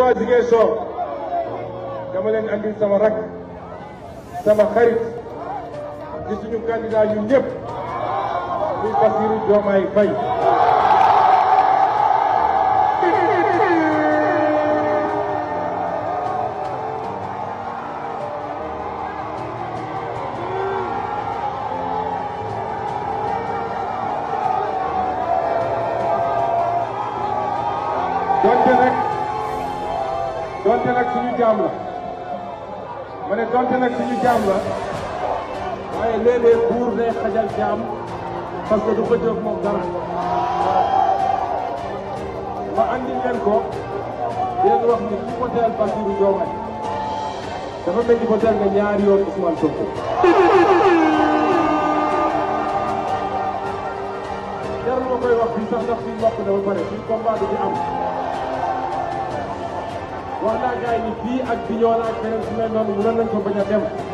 waa Ziguinchor dama leen andil sama rak sama xarit di suñu candidat yu ñëpp muy Bassirou Diomaye Faye Gracias. donte nag suñu jaam la ma ne donte nag suñu jaam la waaye léeg-léeg buur du ko jëf moom ma andi leen ko leen wax ni ki voteel Bassirou Diomaye dafa mel ni voteel nga ñaari yoon Ousmane Sonko jarul ma koy wax fii sax ndax fii mbokk na ba pare fii combat du fi am wax naa gars yi nii fii ak Bignona ak beneen su mel noonu mënoon nañ ko bañ a dem.